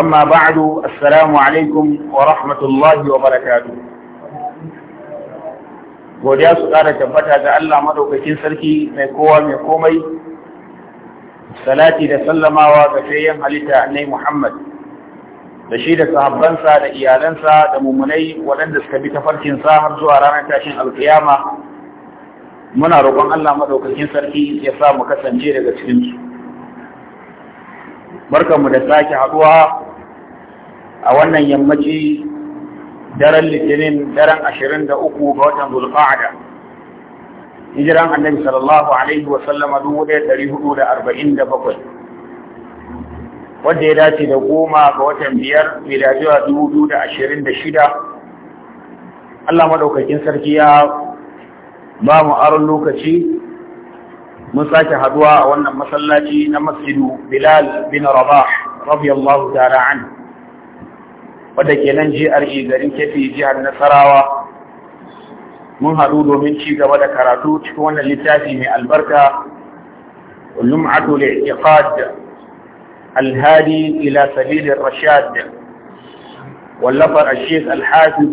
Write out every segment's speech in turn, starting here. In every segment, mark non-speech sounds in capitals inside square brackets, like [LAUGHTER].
أما بعد السلام عليكم ورحمة الله وبركاته godiya su ƙara tabbata ga Allah madaukakin sarki mai kowa mai komai salati da sallamawa ga fayyan halitta annai Muhammad da shi da sahabbansa da iyalansa da mummunai waɗanda suka bi tafarkin sa har zuwa ranar tashin alkiyama muna roƙon Allah madaukakin sarki ya sa mu kasance daga cikin su barkanmu da sake haɗuwa a wannan yammaci daren litinin daren ashirin da uku ga watan zulqa'ada hijiran annabi sallallahu alaihi wa sallama dubu ɗaya ɗari hudu da arba'in da bakwai wadda ya dace da goma ga watan biyar miladiya dubu biyu da ashirin da shida Allah maɗaukakin sarki ya ba mu aron lokaci mun sake haduwa a wannan masallaci na masjidu Bilal bin Rabah radiyallahu ta'ala anhu wadda ke nan GRE garin kefi jihar Nasarawa. Mun haɗu domin ci gaba da karatu cikin wannan littafi mai albarka, Lum'atu li'tiqad alhadi ila سبيل Rashad. واللفر الشيخ الحافظ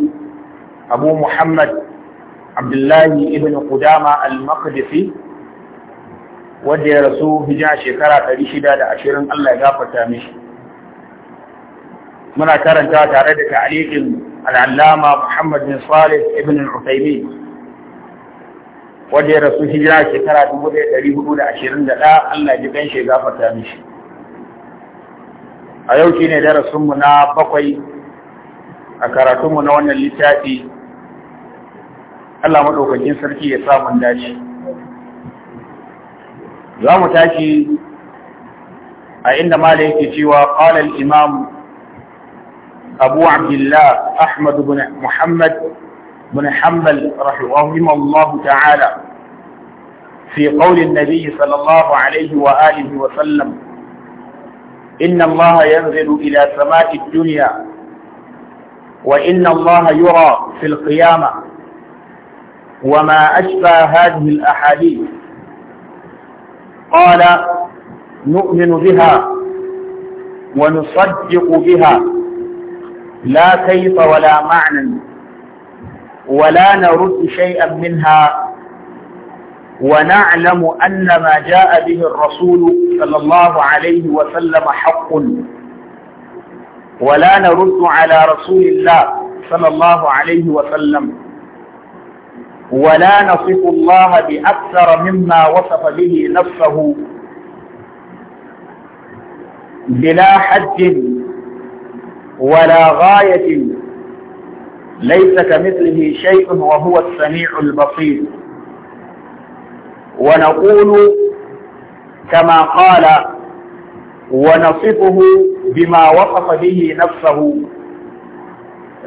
Abu Muhammad Abdullahi الله Kudama Al-Maqdisi. wadda ya rasu hijira shekara 620 Allah ya gafarta mishi muna karanta tare da ta'liqin al-allama Muhammad bin Salih ibn al-Uthaymeen ya rasu hijira shekara 1421 Allah ji kan shi gafarta mishi a yau shine darasin mu na bakwai a karatunmu na wannan littafi Allah madaukakin sarki ya samu dace za mu tashi a inda Malam yake cewa qala imam أبو عبد الله أحمد بن محمد بن حنبل رحمه الله تعالى في قول النبي صلى الله عليه وآله وسلم إن الله ينزل إلى سماء الدنيا وإن الله يرى في القيامة وما أشبه هذه الأحاديث قال نؤمن بها ونصدق بها لا كيف ولا معنى ولا نرد شيئا منها ونعلم أن ما جاء به الرسول صلى الله عليه وسلم حق ولا نرد على رسول الله صلى الله عليه وسلم ولا نصف الله بأكثر مما وصف به نفسه بلا حد ولا غاية ليس كمثله شيء وهو السميع البصير ونقول كما قال ونصفه بما وصف به نفسه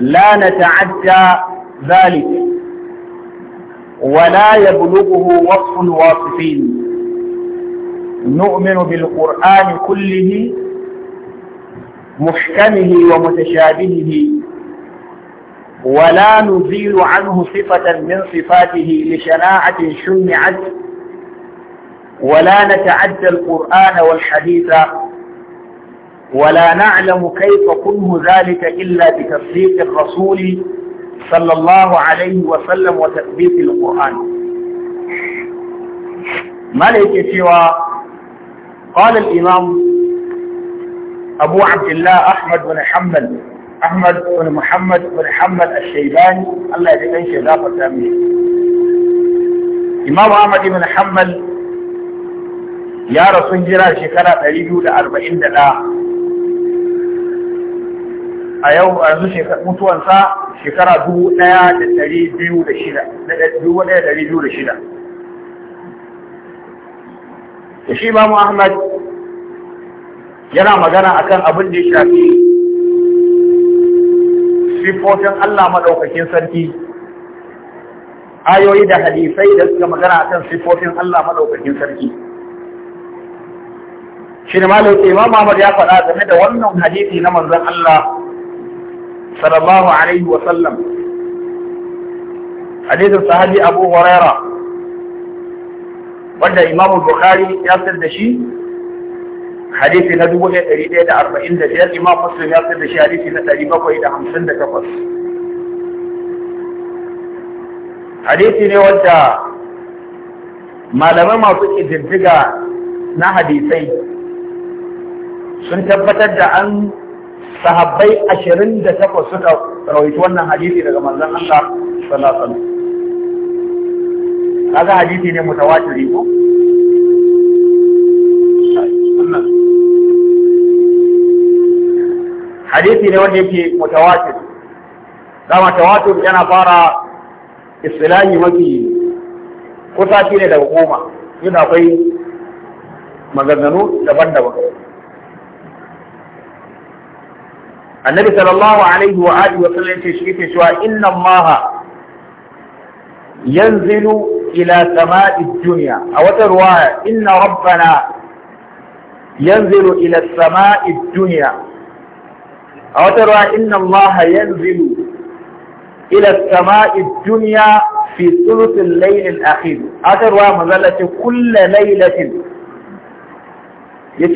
لا نتعدى ذلك ولا يبلغه وصف الواصفين نؤمن بالقرآن كله محكمه ومتشابهه ولا نزيل عنه صفة من صفاته لشناعة شمعت ولا نتعدى القرآن والحديث ولا نعلم كيف كنه ذلك إلا بتصديق الرسول صلى الله عليه وسلم وتثبيت القرآن ملك سوى قال الإمام أبو عبد الله أحمد بن حمد أحمد بن محمد بن حمد الشيباني الله يجزيه شذافة التامين إمام أحمد بن حمد يا رسول جرى شكرا تريد أربعين دلاء أيوه، a أيوه، yau أيوه، شكرا yanzu mutuwansa shekara dubu ɗaya da ɗari biyu da shida dubu ɗaya da yana magana akan abin da ya shafi sifofin Allah maɗaukakin sarki ayoyi da hadisai da suka magana akan sifofin Allah maɗaukakin sarki shi ne malauki imam Ahmad ya faɗa game da wannan hadisi na manzon Allah sallallahu alaihi wa sallam hadisin sahabi Abu Huraira wanda Imam Bukhari ya sar da shi hadisi na dubu ɗaya ɗari ɗaya da arba'in da biyar imam muslim ya fitar da shi hadisi na ɗari bakwai da hamsin da takwas hadisi ne wanda malamai masu ƙididdiga na hadisai sun tabbatar da an sahabbai ashirin da takwas suka rawaito wannan hadisi daga manzon Allah sallallahu alaihi wasallam kaga hadisi ne mutawatiri ko hadisi ne wanda yake mutawatir dama tawatur yana fara istilahi mafi kusa shi ne daga goma yin akwai maganganu daban-daban annabi sallallahu alaihi wa alihi wa sallam yace shi ke cewa inna allaha yanzilu ila sama'i dunya a wata ruwaya inna rabbana yanzilu ila sama'i dunya a wata ruwa inna allaha yanzilu ila sama'i duniya fi thuluthil lailin al-akhir a wata ruwa manzala ce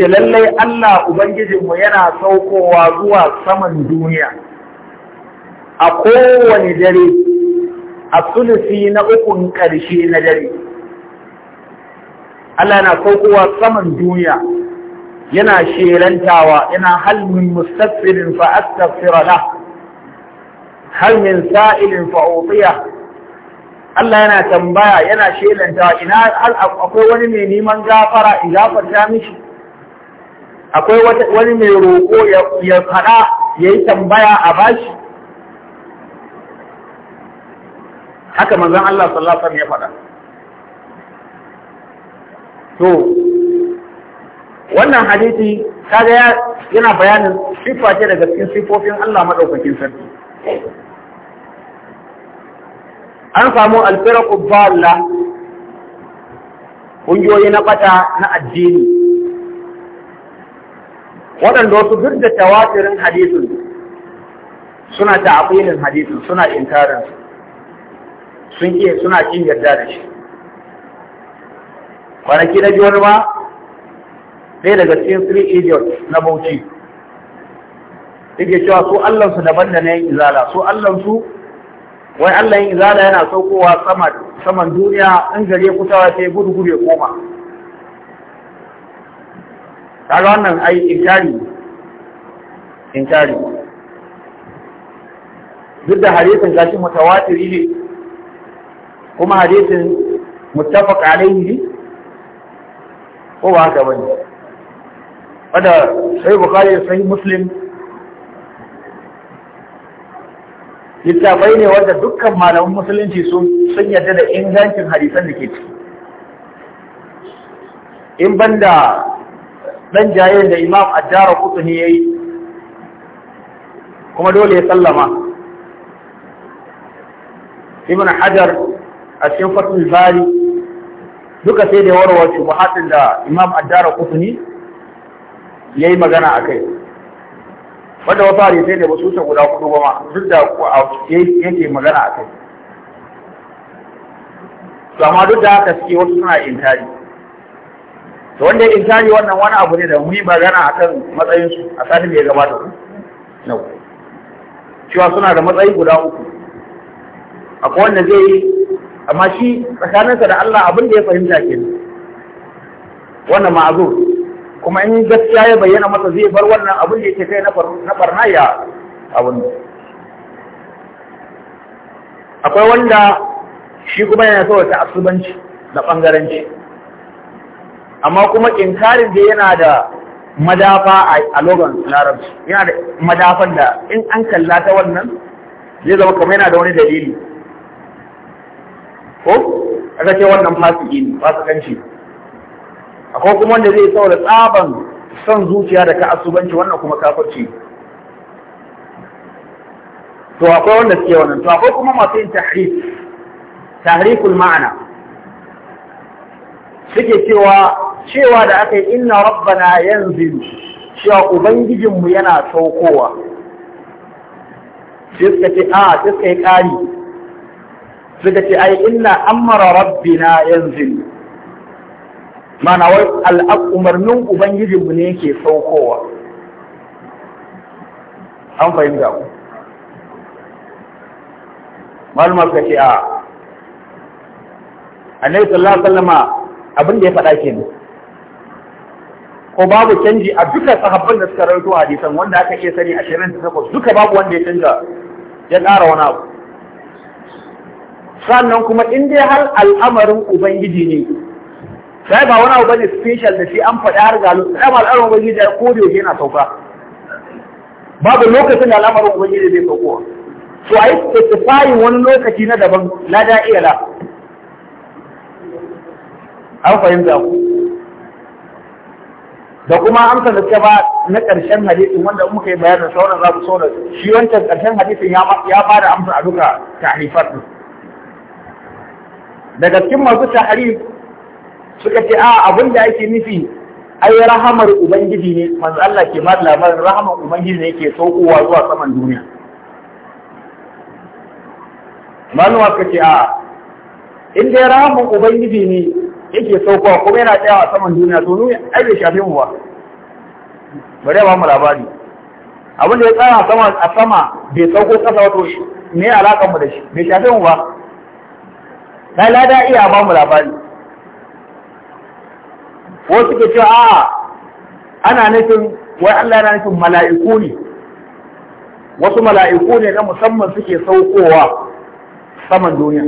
lallai Allah ubangijinmu yana saukowa zuwa saman duniya a kowane dare a sulusi na ukun ƙarshe na dare Allah na saukowa saman duniya yana shelantawa yana halmin min mustaghfirin fa astaghfira lah hal sa'ilin fa utiya Allah yana tambaya yana shelantawa ina hal akwai wani mai neman gafara in gafarta mishi akwai wani mai roƙo ya faɗa ya yi tambaya a bashi haka manzon Allah sallallahu alaihi wasallam ya faɗa to wannan hadisi kaga yana bayanin sifa ce daga cikin sifofin Allah madaukakin sarki an samu alfirqu dhalla kungiyoyi na bata na addini waɗanda wasu duk da tawatirin hadisin suna ta'aqilin hadisin suna inkarin sun ke suna kin yarda da shi kwanaki na ji wani ma ɗaya daga cikin three idiots na bauchi yake cewa su allansu daban da na yin izala su allansu wai allah yin izala yana saukowa saman duniya in gare kusawa sai gudu gudu ya koma kaga wannan ai inkari inkari duk da hadisin gashi mutawatiri ne kuma hadisin muttafaq alaihi ko ba haka bane wanda sai bukari sai muslim littafai ne wanda dukkan malaman musulunci sun yadda da ingancin hadisan da ke ciki in banda dan jayen da imam ajjara kutu ne yayi kuma dole ya sallama ibn hajar a cikin fatul bari duka sai da warwar shubuhatin da imam ajjara kutu ne ya yi magana a kai wanda wasu hadisai da ba su wuce guda kudu ba ma duk da yake magana a kai to amma duk da haka suke wasu suna intari to wanda ya intari wannan wani abu ne da mu yi magana kan matsayinsu a satin da ya gabata ku na cewa suna da matsayi guda uku akwai wanda zai yi amma shi tsakaninsa da Allah abin da ya fahimta kenan wannan ma'azur kuma in gaskiya ya bayyana masa zai bar wannan abin da yake kai na barna ya abin akwai wanda shi kuma yana so ta asubanci da bangaranci amma kuma inkarin da yana da madafa a logon larabci yana da madafan da in an kalla ta wannan zai zama kamar yana da wani dalili ko a ce wannan fasiki ne fasikanci ne akwai kuma wanda zai saboda tsaban son zuciya da ka'asubanci wannan kuma kafirci to akwai wanda suke wannan to akwai kuma masu yin tahrif tahriful ma'ana suke cewa cewa da aka yi inna rabbana yanzilu cewa ubangijinmu yana saukowa sai suka ce a sai suka yi ƙari suka ce ai inna amara rabbina yanzilu mana wai al'umarnin ubangijinmu ne yake saukowa an fahimta ku malumar ka ce a annabi sallallahu alaihi wasallama abin da ya faɗa ke ne ko babu canji a duka sahabban da suka rawaito hadisan wanda aka iya sani ashirin da takwas duka babu wanda ya canja ya ƙara wani abu sannan kuma in dai har al'amarin ubangiji ne sai ba wani abu bane special da shi an faɗi har ga dama al'amarin ubangiji ya ko da yana sauka babu lokacin da al'amarin ubangiji zai sauko so ai specifying wani lokaci na daban na da iya la an fahimta ku da kuma amsa da ta ba na ƙarshen hadisin wanda muka yi bayanin sauran za su sauran shi wancan ƙarshen hadisin ya ba da amsa a duka tahrifat daga cikin masu tahrif suka ce a ah, abin da ake nufi ai rahamar ubangiji ne manzo Allah ke ma labarin rahamar ubangiji ne yake saukowa zuwa saman duniya Manuwa suka ce a ah, in dai rahamar ubangiji ne yake saukowa kuma yana a saman duniya to nuni ai bai shafe mu ba bari ba mu labari abin da ya tsaya sama a sama bai sauko kasa wato me alakan mu da shi bai shafe mu ba na lada iya ba mu labari wasu ke cewa a'a ana nufin wai Allah yana nufin mala'iku ne wasu mala'iku ne na musamman suke saukowa saman duniya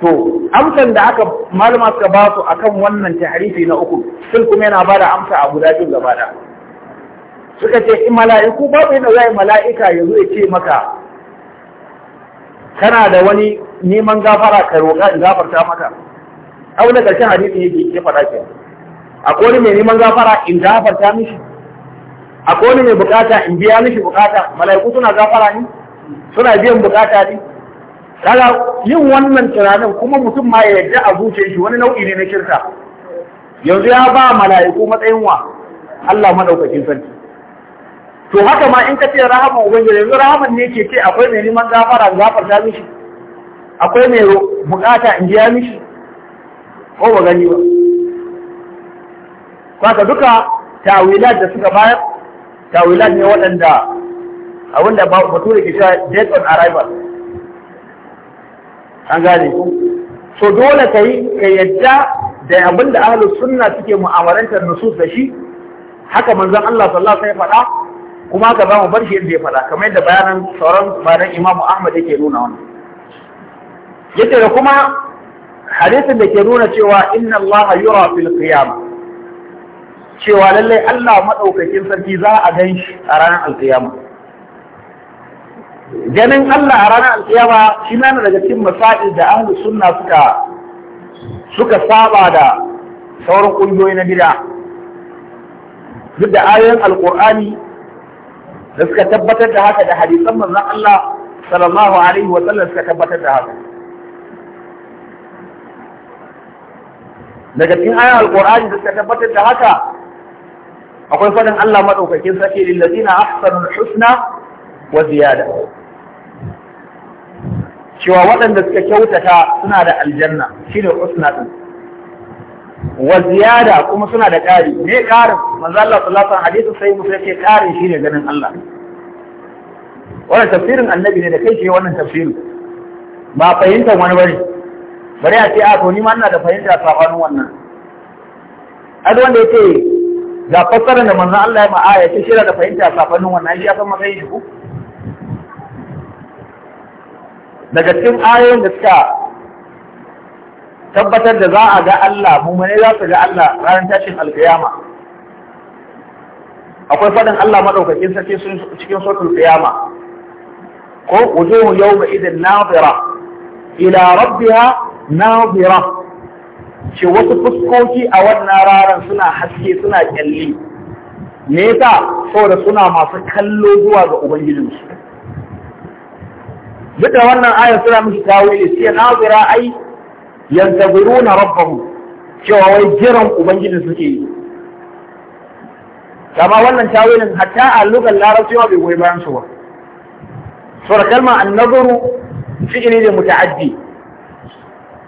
to amsan da aka malama suka ba su akan wannan tahrifi na uku sun kuma yana ba da amsa a guda biyu gaba da suka ce in mala'iku ba babu yana zai mala'ika yanzu ya ce maka kana da wani neman gafara ka roƙa in gafarta maka abu da ƙarshen hadisi yake ke faɗa ke akwai wani mai neman gafara in gafarta mishi akwai wani mai bukata in biya mishi bukata mala'iku suna gafara ne suna biyan bukata ne kaga yin wannan tunanin kuma mutum ma ya yarda a zuciyar shi wani nau'i ne na shirka yanzu ya ba mala'iku matsayin wa Allah madaukakin sarki to haka ma in ka ce rahama ubangiji yanzu rahaman ne ke ce akwai mai neman gafara gafarta mishi akwai mai bukata in biya mishi ko ba gani ba Kwaka duka tawilat da suka bayar tawilat ne waɗanda abinda bature ke cewa date on arrival an gane so dole ka ka yadda da abinda ahlus sunna suke mu'amalantar nusus da shi haka manzon Allah sallallahu alaihi wasallam faɗa kuma ka zamu bar shi yadda ya faɗa kamar yadda bayanan sauran bayanan Imam Ahmad yake nuna wannan yace da kuma hadisin da ke nuna cewa inna Allah yura fil qiyama cewa lallai Allah madaukakin sarki za a gan shi a ranar alkiyama ganin Allah a ranar alkiyama shi na daga cikin masail da ahlu sunna suka suka saba da sauran ƙungiyoyi na gida. duk da ayoyin alqur'ani da suka tabbatar da haka da hadisan manzon Allah sallallahu alaihi wa sallam suka tabbatar da haka daga cikin ayan alqur'ani da suka tabbatar da haka akwai fadin Allah maɗaukakin sarki lil na ahsanul husna wa ziyada cewa waɗanda suka kyautata suna da aljanna shine husna din wa ziyada kuma suna da ƙari ne ƙarin manzo Allah sallallahu alaihi wasallam hadisi sai musu yake ƙarin shi ne ganin Allah wannan tafsirin annabi ne da kai ce wannan tafsirin ba fahimtar wani bane bari a ce a ah, to ni ma ina da fahimta a sabanin wannan ai wanda ya ce ga fassara da manzon Allah ya ma'a ya ce shi da fahimta sabanin wannan shi ya san matsayin shi ku daga cikin ayoyin da suka tabbatar da za a ga Allah mummune za su ga Allah ranar tashin alkiyama akwai faɗin Allah maɗaukakin sarki cikin sautul qiyama ko wujuhu yawma idin nadira ila rabbiha nazira ce wasu fuskoki a wannan ranar suna haske suna kyalli me yasa saboda suna masu kallo zuwa ga ubangijinsu duk da wannan ayar suna miki tawili sai nazira ai yantaziruna rabbahum cewa wai jiran ubangijin suke yi kama wannan tawilin hatta a lugar larabci ma bai goyi bayan su ba sura kalma annazuru fi'ili ne muta'addi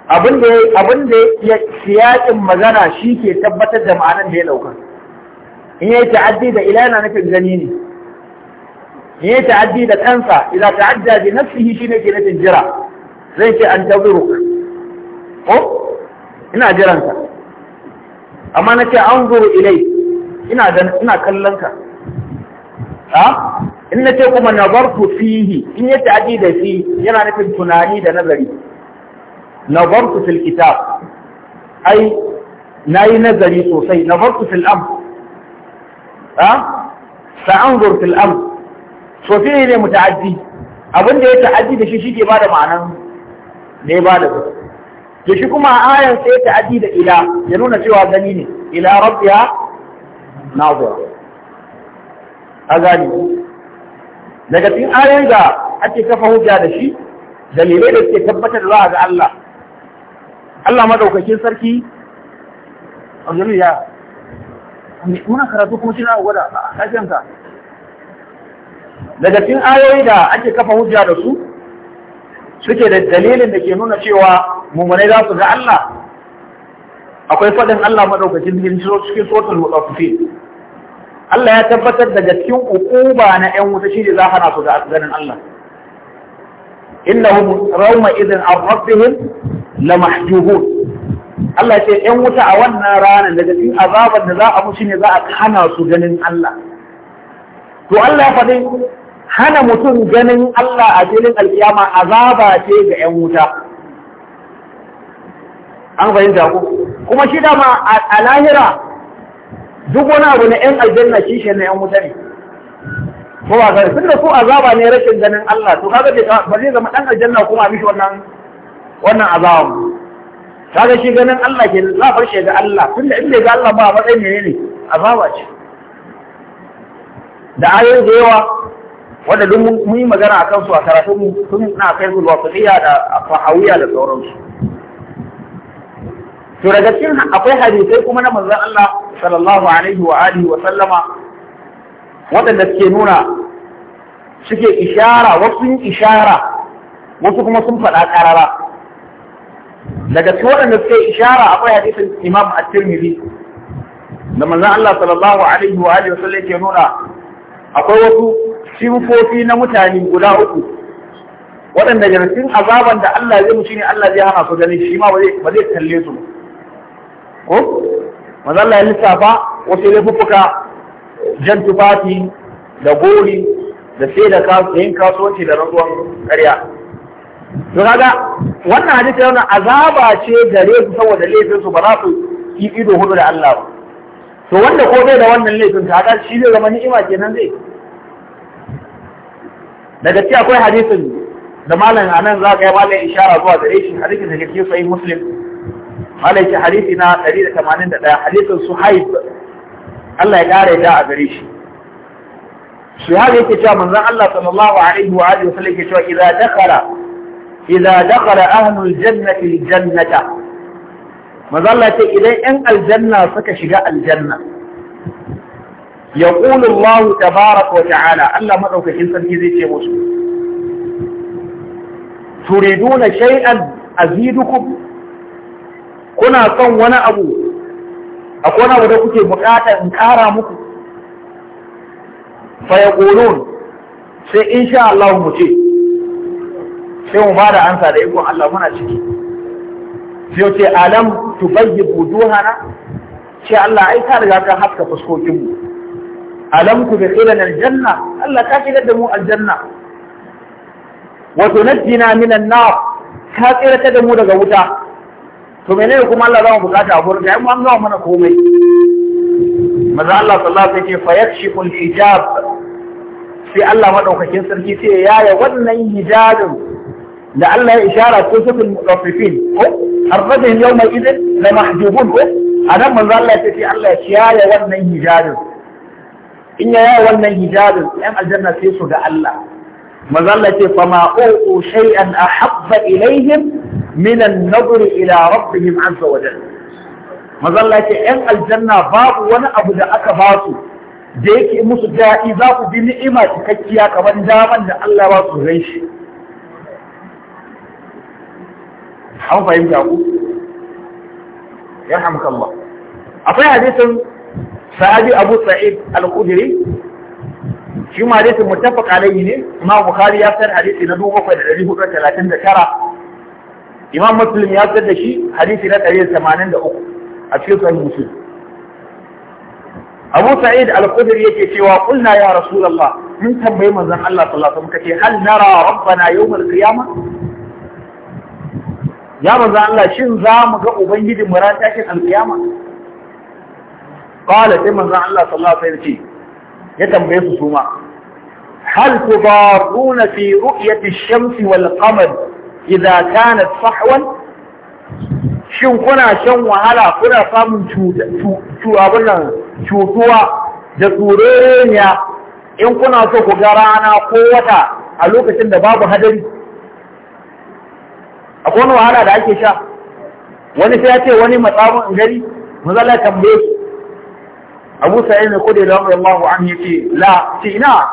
abin da abin da ya siyakin magana shi ke tabbatar da ma'anar da ya dauka in yayi ta'addi da ila yana nufin gani ne in yayi ta'addi da kansa idan ta'adda bi nafsihi shine ke nufin jira zai ce an tabiru ko ina jiran ka amma na ce an zuru ilai ina ina kallon ka ha in na ce kuma nazartu fihi in yayi ta'addi da fihi yana nufin tunani da nazari نظرت في الكتاب أي ناي نزلي صوصي نظرت في الأمر ها فأنظر في الأمر صوصي إلي متعدي أبن دي يتعدي دي شيء كي بعد معنى دي بعد ذلك دي شيء كما آية سيتعدي دي الى ينون سوى الدليل إلى ربها ناظر أذاني لكن آية إذا أتي كفه جاد شيء دليل إذا تثبت الله عز الله Allah maɗaukakin sarki a aljanu ya muna karatu kuma shi na gwada a ƙashinka daga cikin ayoyi da ake kafa hujja da su suke da dalilin da ke nuna cewa mummunai za su ga Allah akwai faɗin Allah madaukakin cikin cikin sotul mutafi Allah ya tabbatar daga cikin ukuba na 'yan wuta shi ne za hana su ga ganin Allah innahum rawma idin an rabbihim la mahjubun Allah ce ‘yan wuta a wannan ranar daga cikin azabar da za a mushi ne za a hana su ganin Allah. To Allah ya faɗi hana mutum ganin Allah a filin alkiyama azaba ce ga ‘yan wuta. An fahimta ku. Kuma shi dama a lahira duk wani abu na ‘yan aljanna shi shi na ‘yan wuta ne. Ko ba ga tun da su azaba ne rashin ganin Allah to kaga ba zai zama ɗan aljanna kuma a mishi wannan wannan azawan kaga shi ganin Allah ke lafar shi ga Allah tunda in bai ga Allah ba a matsayin menene azaba ce da ayoyi da yawa wanda duk mun yi magana a kansu a karatun sun na kai su wasiliya da fahawiya da sauransu to daga cikin akwai hadisai kuma na manzon Allah sallallahu alaihi wa alihi wa sallama waɗanda suke nuna suke ishara wasu yin ishara wasu kuma sun faɗa ƙarara daga cikin waɗanda suke ishara akwai hadisin imam at-tirmidhi da manzon Allah sallallahu alaihi wa alihi wasallam ke nuna akwai wasu sifofi na mutane guda uku waɗanda daga cikin azaban da Allah zai mushi ne Allah zai hana su gani shi ma ba zai kalle su ko manzon Allah ya lissafa wasu laifuffuka jan tufafi da gori da sai da yin kasuwanci da rantsuwan ƙarya to kaga wannan hadisi yana azaba ce gare su saboda laifin su ba za su yi ido hudu da Allah ba to wanda ko bai da wannan laifin ga shi zai zama ni'ima kenan zai daga cikin akwai hadisin da malam nan za ka yi malam ishara zuwa gare shi hadisin da ke cikin sahih muslim malam ce hadisi na 181 hadisin suhaib Allah ya kare da a gare shi suhaib yake cewa manzon Allah sallallahu alaihi wa alihi sallam ke cewa idza dakara idza dakhala ahlul jannati aljannata manzo Allah ce idan 'yan aljanna suka shiga aljanna yaqulu Allah tabaaraka wa ta'ala Allah madaukakin sarki zai ce musu turiduna shay'an azidukum kuna son wani abu akwai wani abu da kuke bukata in kara muku fa sai insha Allah mu ce sai mu bada ansa da ikon Allah muna ciki sai ce alam tubayyib wujuhana Sai Allah ai ka riga ka haska fuskokin mu alam tudkhilana aljanna Allah ka shigar da mu aljanna wa tunajjina minan nar ka tsirata da mu daga wuta to menene kuma Allah za mu bukata a gurin ai mu an gawa mana komai maza Allah sallallahu alaihi wasallam fa yakshifu hijab sai Allah madaukakin sarki sai yaya wannan hijabin لعلها إشارة كسف المتوففين حرقتهم يوم إذن لمحجوبون أنا من ذا الله تتي الله شيايا ونن هجاد إن يا ونن هجاد لأم الجنة تيسو دا الله من ذا الله فما أوقوا شيئا أحب إليهم من النظر إلى ربهم عز وجل من ذا الله تتي إن الجنة باب ونا أبو دا أكباسو ديكي مصدائي ذاكو بنئمة كتياك من دامن الله واسو غيشي an fahimta ku yarhamukallah akwai hadisin sahabi Abu Sa'id al-Khudri shi ma hadisin muttafaq alayhi ne Imam Bukhari ya san hadisi na 7439 Imam Muslim ya san da shi hadisi na 183 a cikin sahih Muslim Abu Sa'id al-Khudri yake cewa kulna ya Rasulullah mun tambaye manzon Allah sallallahu alaihi wasallam kace hal nara rabbana yawm al-qiyamah ya manzo Allah shin za mu ga Ubangiji mu ran takin alƙiyama sai manzo Allah sallallahu alaihi ya tambaye su suma hal tudaruna fi ru'yati shamsi wal qamar idza kanat sahwan shin kuna shan wahala kuna samun cutuwa da tsoroniya in kuna so ku ga rana ko wata a lokacin da babu hadari akwai wani wahala da ake sha wani sai ya ce wani matsamin gari mazala tambaye su abu sa'id ne kudi da Allahu an yace la ce ina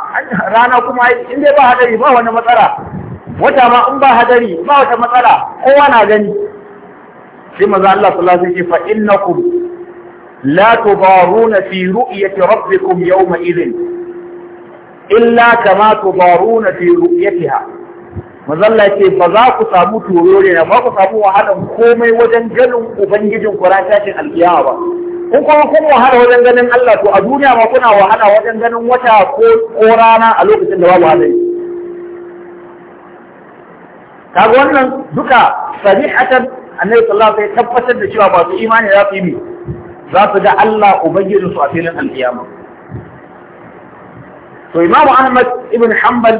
rana kuma in dai ba hadari ba wani matsala wata ma in ba hadari ba wata matsala kowa na gani sai maza Allah sallallahu alaihi wasallam fa innakum la tubaruna fi ru'yati rabbikum yawma idhin illa kama tubaruna fi ru'yatiha mazalla ce ba za ku samu turore na ba ku samu wahalar komai wajen ganin ubangijin ku ran tashin alkiyama ba kun kuma kun wahala wajen ganin Allah to a duniya ma kuna wahala wajen ganin wata ko rana a lokacin da babu hadari kaga wannan duka sabihatan annabi sallallahu alaihi wasallam tabbatar da cewa masu imani za su yi za su ga Allah ubangijin su a filin alkiyama to imamu ahmad ibn hanbal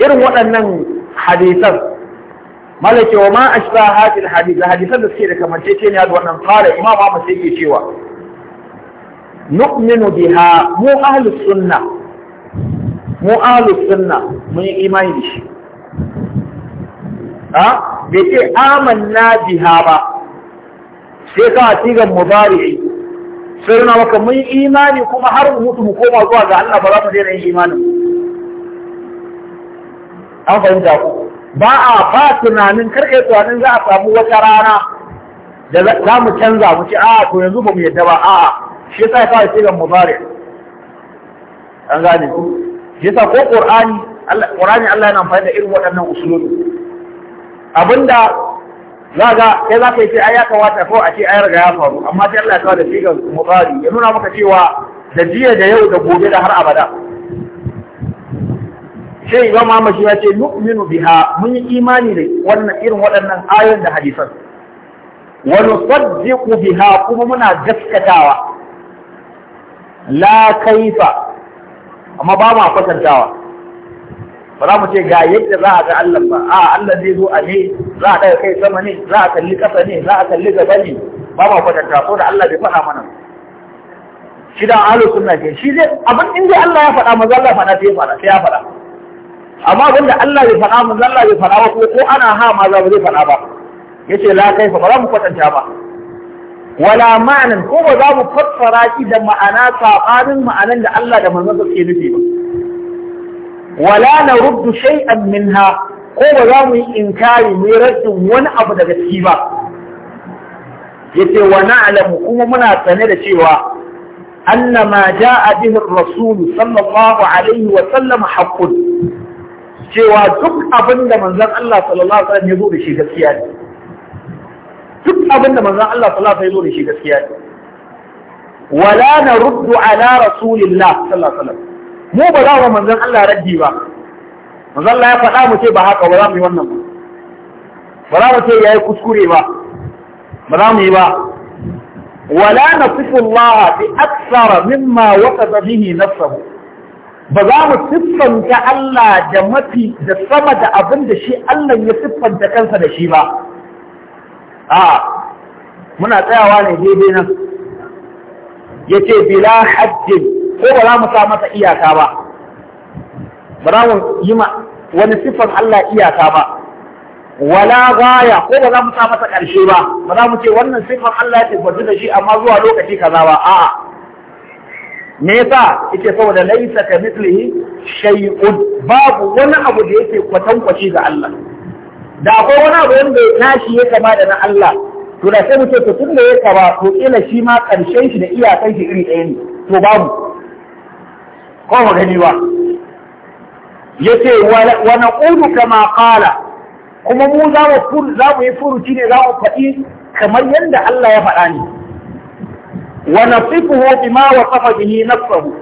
irin waɗannan hadisan malake wa ma ashba hadil hadis hadisan da suke da kamanceceniya da wannan fara imam Ahmad sai yake cewa nu'minu biha mu ahlus sunna mu ahlus sunna mun yi imani da shi ha bai ce amanna biha ba sai ka tigan mubari'i sai na maka mun imani kuma har mutu mu koma zuwa ga Allah ba za mu daina yin imanin an fahimta ku ba a ba tunanin karkai tunanin za a samu wata rana da za mu canza mu ce a to yanzu ba mu yadda ba a shi yasa ya fara sigan mubare an gane ku shi yasa ko qur'ani Allah qur'ani Allah yana amfani da irin waɗannan usulobi abinda za ga sai za ka yi ai ya kawata ko a ce ai riga ya faru amma sai Allah ya kawo da sigan mudari ya nuna maka cewa da jiya da yau da gobe da har abada sai imam Ahmad ya ce nu'minu biha mun yi imani da wannan irin waɗannan ayoyin da hadisan wa nusaddiqu biha kuma muna gaskatawa la kaifa amma ba ma kwatantawa ba za mu ce ga yadda za a ga Allah ba a Allah zai zo a ne za a ɗaga kai sama ne za a kalli ƙasa ne za a kalli gaba ne ba ma kwatantawa so da Allah bai faɗa mana shi da ahlus sunna ke shi dai abin in dai Allah ya faɗa maza Allah faɗa sai ya faɗa sai ya faɗa amma abin da Allah bai faɗa mun Allah bai faɗa ba ko ana ha ma za ba zai faɗa ba yace la kai fa ba za mu kwatanta ba wala ma'anan ko ba za mu fassara shi da ma'ana sabanin ma'anan da Allah da manzon suke nufi ba wala naruddu shay'an minha ko ba za mu yi inkari mu raddin wani abu daga ciki ba yace wa na'lamu kuma muna sane da cewa anna ma ja'a bihi ar-rasul sallallahu alaihi wa sallam haqqun cewa duk abin da manzon Allah sallallahu alaihi wasallam ya zo da shi gaskiya ne duk abin da manzon Allah sallallahu alaihi wasallam ya zo da shi gaskiya ne wala na ruddu ala rasulillah sallallahu alaihi wasallam mu ba za mu manzan Allah raddi ba manzon Allah ya faɗa mu ce ba haka ba za mu yi wannan ba ba za mu ce ya yi kuskure ba ba za mu yi ba wala nasifu Allah bi aksara mimma waqada bihi nafsuhu ba za mu siffanta Allah da mafi da sama da abin da shi Allah ya siffanta kansa da shi ba a muna tsayawa ne daidai nan ya ce bila haddin ko ba za mu sa masa iyaka ba ba za mu yi ma wani siffan Allah iyaka ba wala gaya ko ba za mu sa masa ƙarshe ba ba za mu ce wannan siffan Allah ya siffanta da shi amma zuwa lokaci kaza ba a'a me yasa yace saboda laisa ka mislihi shay'un babu wani abu da yake kwatankwaci ga Allah da akwai wani abu wanda nashi ya kama da na Allah to da sai mutum to tun da ya kama to kila shi ma karshen shi da iyakan shi iri ɗaya ne to babu ko mu gani ba yace wa naqulu kama qala kuma mu za mu yi furuci ne za mu faɗi kamar yadda Allah ya faɗa ne wa nasifuhu bima wasafa bihi nafsuhu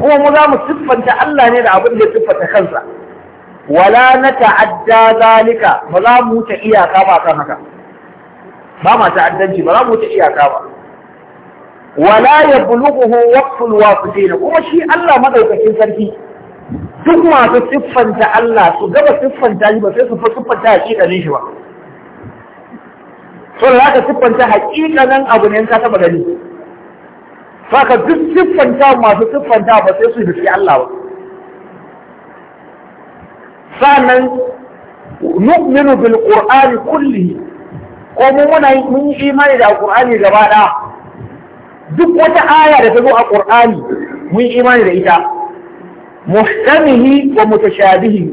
kuma mu za mu siffanta Allah ne da abin da ya siffanta kansa wala na ta'adda zalika ba za mu wuce iyaka ba kan haka ba ma ta'addanci ba za mu wuce iyaka ba wala ya bulughu waqful waqtin kuma shi Allah madaukakin sarki duk masu siffanta Allah su gaba siffanta shi ba sai su fa siffanta hakikanin shi ba so da haka siffanta hakikanin abu ne ka taba gani Saka duk siffanta masu siffanta ba sai su riski Allah ba. Sannan nu'minu bil Qur'ani kullihi ko mu muna mun yi imani da Qur'ani gaba Duk wata aya da ta zo a Qur'ani mun yi imani da ita. Muhtamihi wa mutashabihi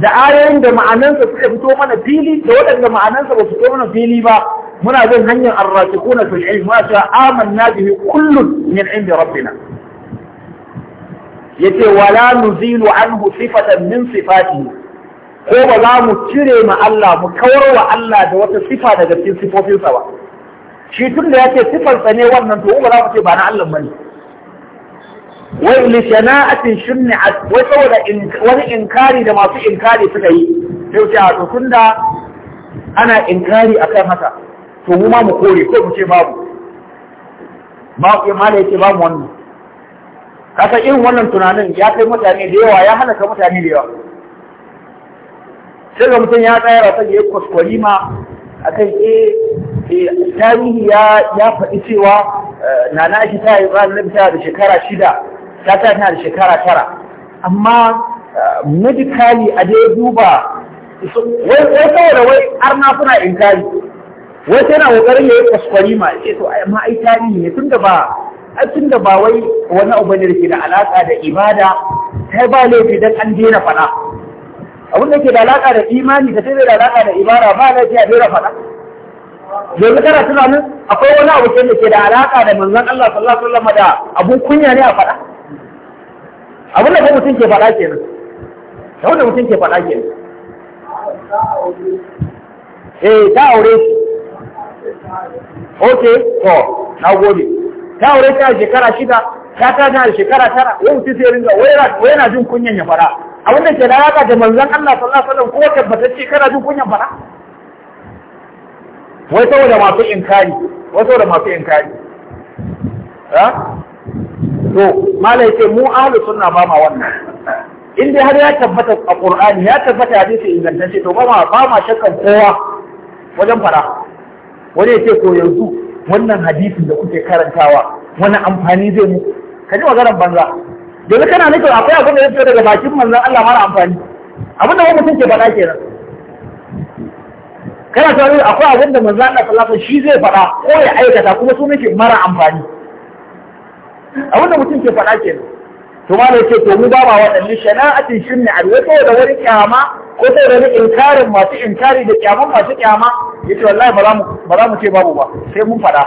da ayoyin da ma'anansa suka fito mana fili da waɗanda ma'anansa ba su fito mana fili ba muna bin hanyar arrasikuna fil ilm wa ta amanna bihi kullun min inda rabbina yace wala nuzilu anhu sifatan min sifatihi ko ba za mu cire ma Allah mu kawar wa Allah da wata sifa daga cikin sifofinsa ba shi tun da yake sa ne wannan to ba za mu ce ba na Allah bane wai li shana'atin shunni'at wai saboda wani inkari da masu inkari suka yi sai ce a to tunda ana inkari akan haka to mu ma mu kore ko mu ce babu ma da yake babu wannan kasa irin wannan tunanin ya kai mutane da yawa ya halaka mutane da yawa sai ga mutum ya tsaya rasa ya kwaskwari ma a kan eh, eh, tarihi ya faɗi cewa na na shi ta yi ranar ta da shekara shida ta ta tana da shekara tara amma eh, medically a dai duba wai saboda wai arna suna inkari wasu yana kokarin ya yi kwaskwari ma ce to amma ai tarihi ne tun da ba tun da ba wai wani abu ne da ke da alaka da ibada ta ba laifi dan an daina faɗa abin da ke da alaka da imani da sai da alaka da ibada ba laifi a daina faɗa yanzu kana min akwai wani abu da ke da alaka da manzon Allah sallallahu alaihi wasallam da abun kunya ne a faɗa abin da mutum ke faɗa kenan da wanda mutum ke faɗa kenan eh ta aure shi ok to na gode ta aure ta shekara shida ta ta da shekara tara wai mutum sai ringa wai yana jin kunyan ya fara abin da ke da alaka da manzon Allah sallallahu alaihi wasallam ko tabbatacce kana jin kunyan fara wai saboda masu inkari wai saboda masu inkari ha to malai ce mu ahlus sunna ba ma wannan in dai har ya tabbata a qur'ani ya tabbata hadisi ingantacce to ba ma ba ma kowa wajen fara wani ya ce ko yanzu wannan hadisin da kuke karantawa wani amfani zai muku ka ji maganar banza yanzu kana nufin akwai abin da ya fito daga bakin manzon Allah mara amfani abin da wani mutum ke faɗa kenan kana ta akwai abin da manzon Allah sallallahu alaihi shi zai faɗa ko ya aikata kuma su muke mara amfani abin da mutum ke faɗa kenan to malai ce to mu ba ma waɗanne shana'atin shinni al wato da wani kyama ko sai da wani inkarin masu inkari da kyaman masu kyama yace wallahi ba za mu ba za mu ce babu ba sai mun faɗa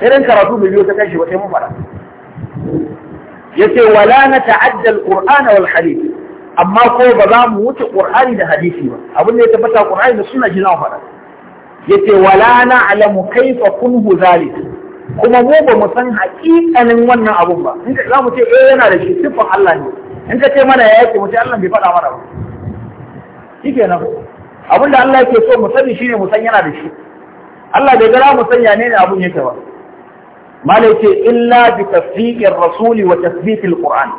sai dan karatu bai biyo ta kai shi ba sai mun faɗa yace wala na ta'adda al-qur'an wal hadith amma ko ba za mu wuce qur'ani da hadisi ba abin da ya tabbata qur'ani da sunna ji na faɗa yace wala na alamu kaifa kunhu zalika kuma mu ba mu san haƙiƙanin wannan abun ba in za mu ce eh yana da shi siffan Allah ne in ka ce mana ya yake mu ce Allah bai faɗa mana ba shikenan abinda Allah yake so mu sani shine mu san yana da shi Allah bai ga za mu san ya ne abun yake ba malai ce illa bi tasdiqir rasuli wa tasdiqil qur'an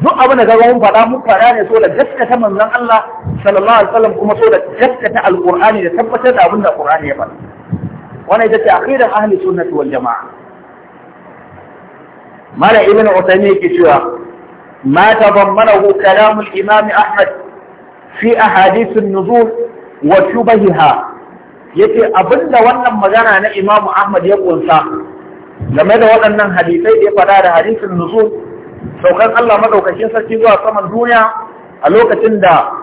duk abin da gaba mun faɗa mun faɗa ne so da gaskata manzon Allah sallallahu alaihi wasallam kuma so da gaskata alqur'ani da tabbatar da abinda da qur'ani ya faɗa wannan ita ce aqidar ahli sunnati wal jamaa mala ibn usaymi yake cewa ma tadammanahu kalam al imam ahmad fi ahadith an nuzul wa shubahiha yace abinda wannan magana na imam ahmad ya kunsa game da waɗannan hadisai da ya faɗa da hadisin nuzul saukan Allah madaukakin sarki zuwa saman duniya a lokacin da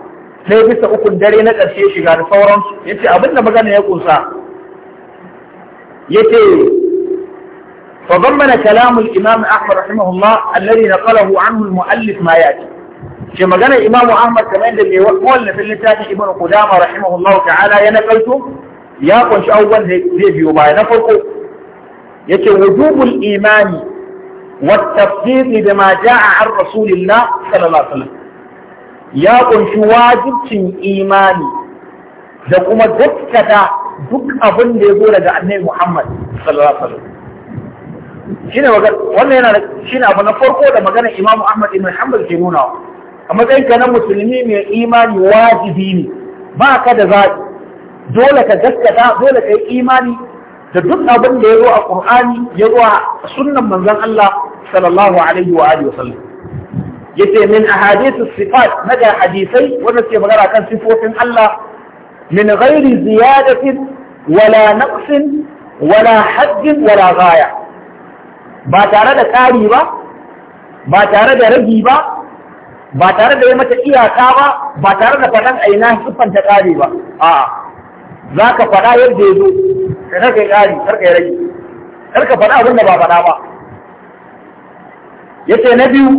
sai bisa ukun dare na ƙarshe shiga da sauransu yace abinda magana ya kunsa yace فضمن كلام الإمام أحمد رحمه الله الذي نقله عنه المؤلف ما يأتي كما قال الإمام أحمد كمان اللي وقال في اللتاتي ابن قدامة رحمه الله تعالى ينقلته يا قنش أول زي بيوبا ينفرقه يتي وجوب الإيمان والتصديق بما جاء عن رسول الله صلى الله عليه وسلم يا قنش واجب إيماني da kuma gaskata duk abin da ya zo daga annabi Muhammad sallallahu alaihi wasallam shine wannan yana shine abu na farko da magana Imam Ahmad ibn Hanbal ke nuna a matsayin ka na musulmi mai imani wajibi ne ba ka da zaɓi dole ka gaskata dole ka yi imani da duk abin da ya zo a Qur'ani ya zo a sunnan manzon Allah sallallahu alaihi wa alihi wasallam yace min ahadith sifat na ga hadisai wanda suke magana kan sifofin Allah min gairi ziyadatin wala naqsin wala haddin wala ghaya ba tare da ƙari ba ba tare da ragi ba ba tare da mata iyaka ba ba tare da faɗan aina siffanta ƙari ba a za ka faɗa yadda ka karka yi ƙari karka yi ragi karka faɗa abin ba faɗa ba yace na biyu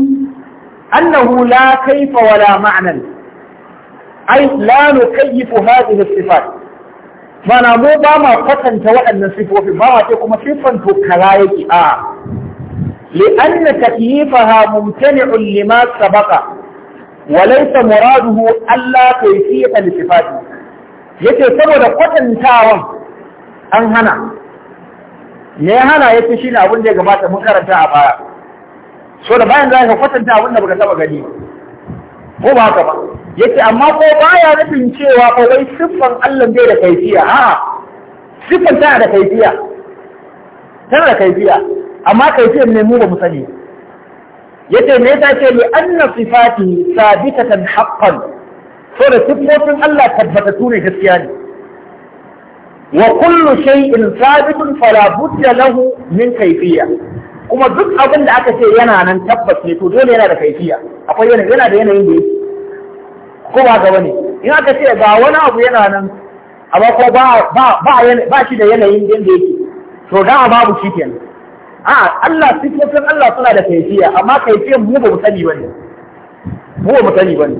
annahu la kaifa wala ma'anan ai la nukayyifu hadhihi sifat mana mu ba ma kwatanta waɗannan sifofin ba ma ce kuma siffan to kaza yake a لأن تكييفها ممتنع لما سبق وليس مراده ألا كيفية لصفاته yake saboda kwatantawan an hana me ya hana yake shi ne abin da ya gabata mun karanta a baya so da bayan za ka kwatanta abin da baka taba gani ko ba haka ba yace amma ko baya nufin cewa ko wai siffan Allah bai da kaifiya a siffan tana da kaifiya tana da kaifiya amma kaifiyar ne mu ba mu sani yace me yasa ce li anna sifati sabitatan haqqan so da siffofin Allah tabbatattu ne gaskiya ne wa kullu shay'in sabitun fala budda lahu min kaifiya kuma duk abin da aka ce yana nan tabbas ne to dole yana da kaifiya akwai yana da yanayin da yake ko ba gaba ne? in aka ce ga wani abu yana nan amma ko ba ba shi da yanayin yanda yake to da babu shi kenan a Allah sifofin Allah suna da kaifiya amma kaifiyan mu ba mu sani bane mu ba mu sani bane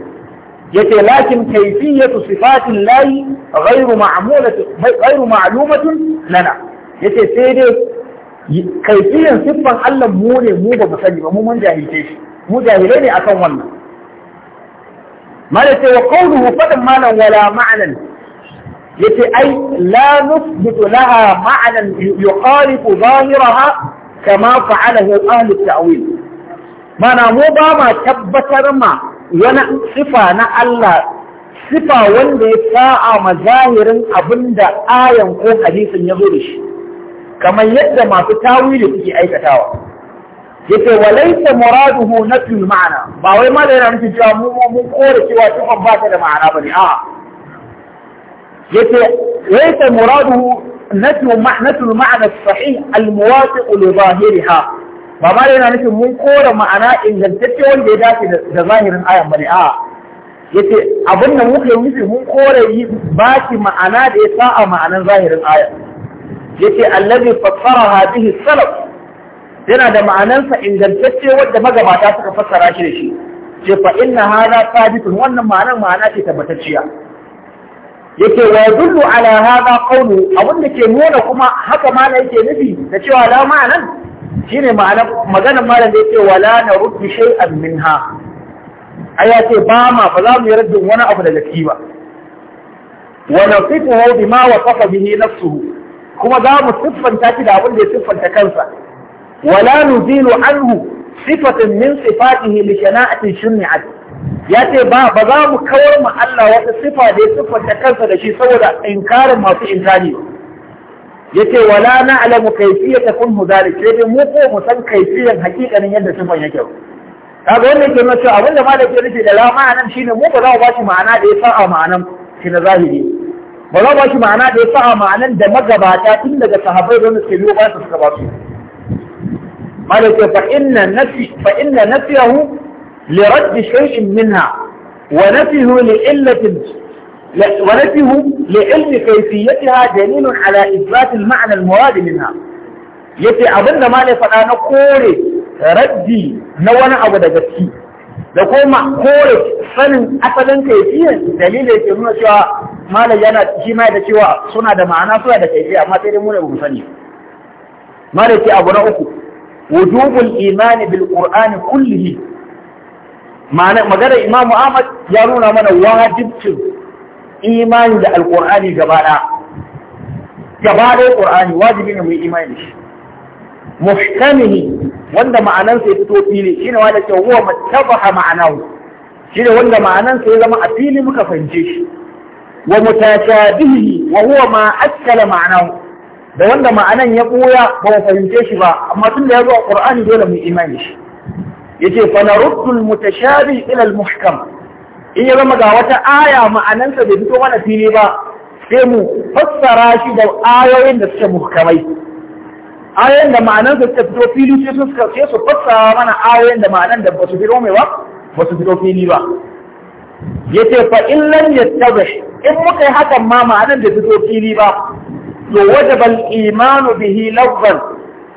yace lakin kaifiyatu sifatin lahi ghairu ma'mulatu ghairu ma'lumatun lana yace sai dai kaifiyan siffan Allah mu ne mu ba mu sani ba mu mun jahilce shi mu jahilai ne akan wannan mala ce wa qawluhu fadan malan wala ma'anan yace ai la nusbitu laha ma'anan yuqalifu zahiraha kama fa'alahu ahli ta'wil mana mu ba ma tabbatar ma wani sifa na Allah sifa wanda ya sa'a ma zahirin abinda ayan ko hadisin ya zo da shi kamar yadda masu tawili suke aikatawa yake walaysa muraduhu nafi ma'ana ba wai ma da yana nufin cewa mu mu kore cewa tufan ba ta da ma'ana bane a yake laysa muraduhu nafi ma'na nafyul ma'ana sahih al-muwafiq li zahiriha ba ma da yana nufin mun kore ma'ana ingantacce wanda ya dace da zahirin ayan bane a yake abin da muke nufi mun kore yi baki ma'ana da ya sa'a ma'anan zahirin ayan yake allazi fassara hadhihi salaf yana da ma'anansa ingantacce wadda magabata suka fassara shi da shi ce fa inna hadha sabitun wannan ma'anar ma'ana ce tabbatacciya yake wa yadullu ala hadha qawlu abin da ke nuna kuma haka ma yake nufi da cewa la ma'anan shine ma'anar maganar malam da yake wala naruddu shay'an minha ai ya ce ba ma ba za mu yi raddin wani abu daga ciki ba wa nasifuhu bima wasafa bihi nafsuhu kuma za mu siffanta shi da abin da ya siffanta kansa wala nuzilu anhu sifatin min sifatihi li shana'atin shuni'at ya ce ba ba za mu kawar ma Allah wata sifa da ya siffanta kansa da shi saboda inkarin masu inkari ya ce wala na alamu kaifiyar ta kun hudari sai dai mu ko mu san kaifiyar hakikanin yadda sifan yake kaga wanda yake na cewa abinda ma da ke nufi da la ma'anan shine mu ba za mu bashi ma'ana da ya sa a ma'anan shi na zahiri ba za mu bashi ma'ana da ya sa a ma'anan da magabata tun daga sahabbai da wanda suke biyo ba su suka ba su مالك فإن نفي فإن نفيه لرد شيء منها ونفيه لعلة ونفيه لعلم كيفيتها دليل على إثبات المعنى المراد منها yace abinda ma ne na kore raddi na wani abu daga ciki da kuma kore sanin asalin kaifiyar dalilin yake nuna cewa malam yana shi ma da cewa suna da ma'ana suna da kaifiya amma sai ne malam abu na uku wujubul imani bil qur'ani kullihi ma'ana magana imamu ahmad ya nuna mana wajibcin imani da alqur'ani gaba da gaba da qur'ani ne mu imani shi wanda ma'anansa ya shine wanda ke huwa wanda ma'anansa ya zama a fili muka fahimce shi wa mutashabihi wa huwa ma akkala ma'anahu da wanda ma'anan ya koya ba mu fahimce shi ba amma tun da ya zo a Qur'ani dole mu imani shi yace fa naruddu al-mutashabi ila al-muhkam in ya zama ga wata aya ma'anansa bai fito mana fili ba sai mu fassara shi da ayoyin da suke muhkamai ayoyin da ma'anansa suka fito fili sai su sai su fassara mana ayoyin da ma'anan da ba su fito mai ba ba su fito fili ba Ya ce fa in lam yattabih in muka yi hakan ma ma'anan da fito fili ba to wajaba bal imanu bihi lafzan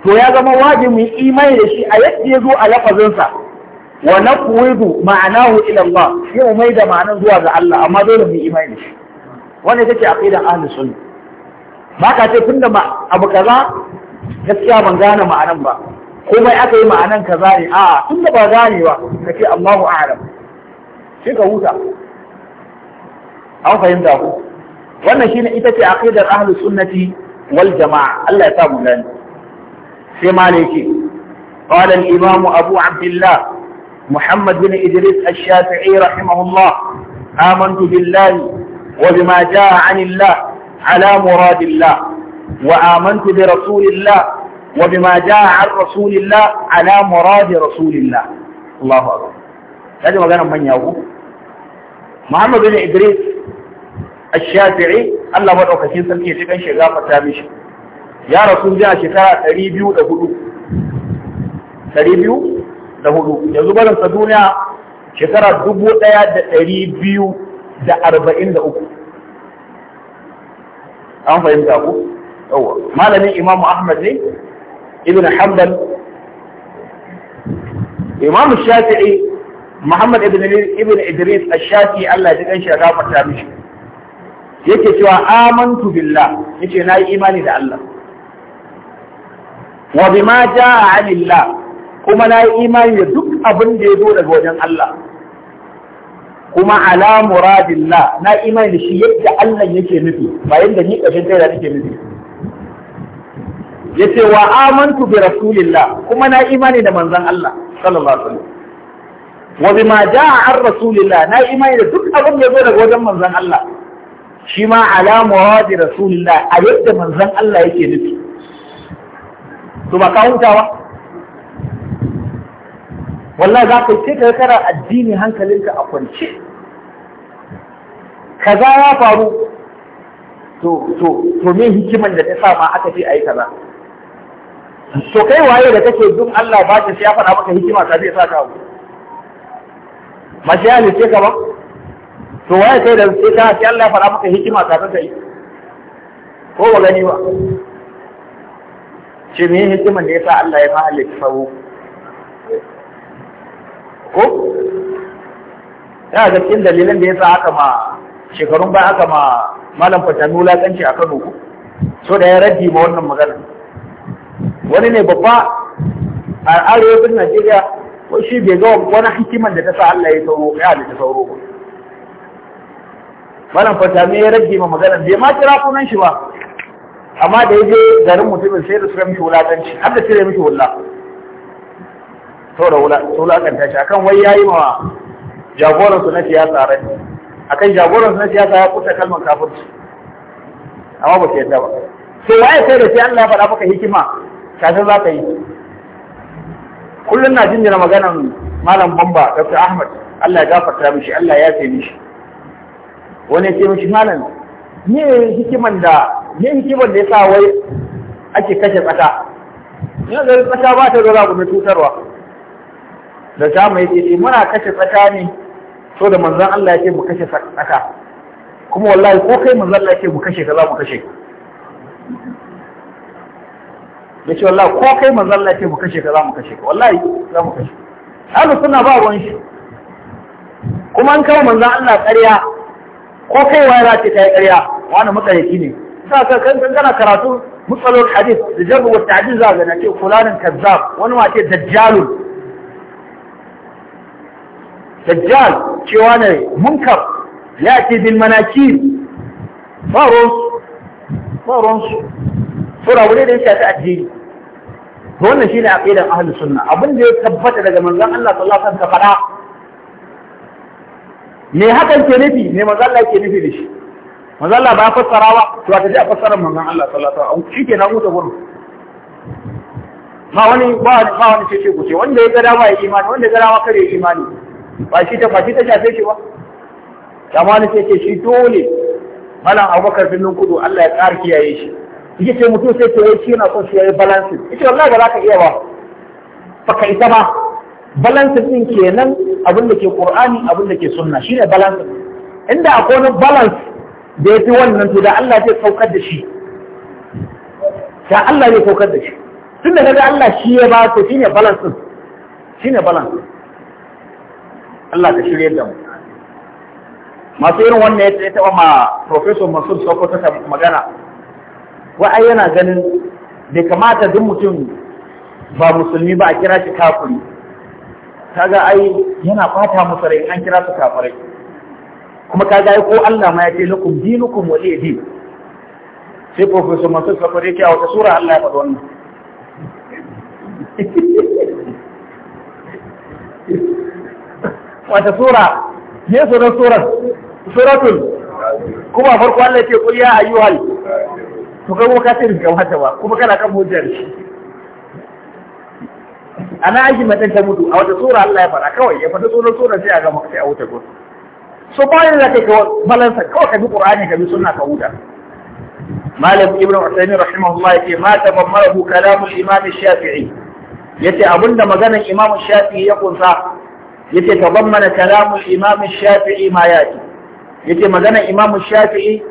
to ya zama wajin mu imani da shi a yadda ya zo a lafazinsa wa naqwidu ma'anahu ila Allah yau mai da ma'anan zuwa ga Allah amma dole mu imani da shi wannan take aqidan ahli sunna ba ka ce tunda abu kaza gaskiya ban gane ma'anan ba Ko mai aka yi ma'anan kaza ne a tunda ba gane ba ka ce Allahu a'lam sai ka huta an fahimta ku wannan shine ita ce aqidar ahlus sunnati wal jamaa Allah ya samu gani sai maliki qala al imam abu abdullah muhammad bin idris ash-shafi'i rahimahullah amantu billahi wa bima jaa 'anillah ala muradillah wa amantu bi rasulillah wa bima jaa 'an rasulillah ala murad rasulillah Allahu akbar kaje magana manya ku Muhammad bin Idris الشافعي الله مدوكاكين سلكي سيكن شيغا فتاميش يا رسول جاء شكرا 204 204 يزو بلن صدونيا شكرا دبو ديا دا 243 أم فهمت أبو أوه ما لني إمام أحمد لي ابن حمدل إمام الشافعي محمد ابن ابن إدريس الشافعي الله يجيكن شيغا فتاميش yake cewa amantu billah yace na yi imani da Allah wa bima jaa anillah kuma na yi imani da duk abin da ya zo daga wajen Allah kuma ala muradillah na imani da shi yadda Allah yake nufi ba yadda ni kashin kai da nake nufi yace wa amantu bi rasulillah kuma na imani da manzon Allah sallallahu alaihi wasallam wa bima jaa an rasulillah na imani da duk abin da ya zo daga wajen manzon Allah shi ma wa muradi rasulullah a yadda manzan Allah yake nufi to ba ka hutawa wallahi za ka ce ka kara addini hankalinka a kwance kaza ya faru to to to me hikiman da ta sa ma aka ce ayi kaza to kai waye da kake duk Allah ba ta shi ya faɗa maka hikima ta zai sa ka abu mashi ya halice ka ba to waye kai da sai ka sai Allah ya fara maka hikima ta kai ko ba gani ba ce me hikiman da yasa Allah ya mahalicci sahu ko ya ga cikin dalilan da yasa aka ma shekarun ba aka ma malam fatanu lakanci a Kano so da ya raddi ma wannan magana wani ne babba a arewacin Najeriya ko shi bai ga wani hikiman da ta sa Allah ya sauro ya da ta ba malam fatami ya rage ma magana bai ma kira sunan shi ba amma da ya je garin mutumin sai da suka mishi wulakanci har da cire mishi wulla saboda wulakanta shi akan wai yayi ma jagoransu na siyasa rai akan jagoransu na siyasa ya kusa kalmar kafirci amma ba su yadda ba sai waye sai da sai Allah ya faɗa maka hikima kafin za ka yi kullum na jinjina maganan malam bamba dr ahmad Allah ya gafarta mishi Allah ya yafe mishi wani ya ce mishi malam ne hikiman da ne hikiman da ya sa wai ake kashe kasa ina ga kasa ba ta zama kuma tutarwa. da ta mai ce eh, muna kashe kasa ne so da manzon Allah ya ce mu kashe tsaka kuma wallahi ko kai manzon Allah ya ce mu kashe ka za mu kashe ya ce wallahi ko kai manzon Allah ya ce mu kashe ka za mu kashe ka wallahi za mu kashe Allah suna ba ruwan shi kuma an kawo manzon Allah ƙarya ko kai waye za ce ta yi ƙarya wani makaryaci ne sa ka kan kana karatu mutsalol hadith da jabu wa ta'dil za ga nace fulanin kazzab wani ma ce dajjalun dajjal cewa ne munkar ya ce bil manaki ba ruwan su sura wuri da ya shafi addini to wannan shine aqidan ahlus sunna abin da ya tabbata daga manzon Allah sallallahu alaihi wasallam ka fada me hakan ke nufi me manzo ke nufi da shi manzo ba fassara ba to ta ji a fassara manzon Allah sallallahu alaihi wasallam na huta gurin ba wani ba wani ba wani cece ku ce wanda ya ga dama ya imani wanda ya ga dama kare imani ba shi ta ba shi ta shafe shi ba kamar ne ce shi dole malam Abubakar bin Kudu Allah ya ƙara kiyaye shi yake ce mutum sai ce wai shi yana son shi yi balance ita wallahi ba za ka iya ba fa kai ta ba balansin din kenan abin da ke qur'ani abin da ke sunna shine balansin inda akwai wani balance da yafi wannan to da Allah zai saukar da shi da Allah zai saukar da shi tun da kaga Allah shi ya ba ku shine balance din shine balance Allah ka shirye da mu masu irin wannan ya taɓa ma Profesor masu Sokoto ta magana ai yana ganin bai kamata duk mutum ba musulmi ba a kira shi kafiri kaga ai yana fata musu rai an kira su kafirai kuma kaga ai ko Allah ma ya ce lakum dinukum wa liya din sai professor Mansur Safar yake a wata sura Allah ya faɗi wannan [LAUGHS] wata sura ne sunan surar suratul kuma farko Allah ya ce qul ayyuhal to kai kuma ka ce ga wata ba kuma kana kan hujjar shi ana aji mai ta mutu a wata sura Allah ya fara kawai ya fada sunan tsoron sai a gama sai a wuce gudu so bayan da kai kawai balansa kawai ka bi qur'ani ka bi sunna ka huta malam ibnu usaymin rahimahullah yake ma tamammahu kalamu imam shafi'i yace abinda maganar imam shafi'i ya kunsa yace bambara kalamun imam shafi'i ma yati yace maganar imam shafi'i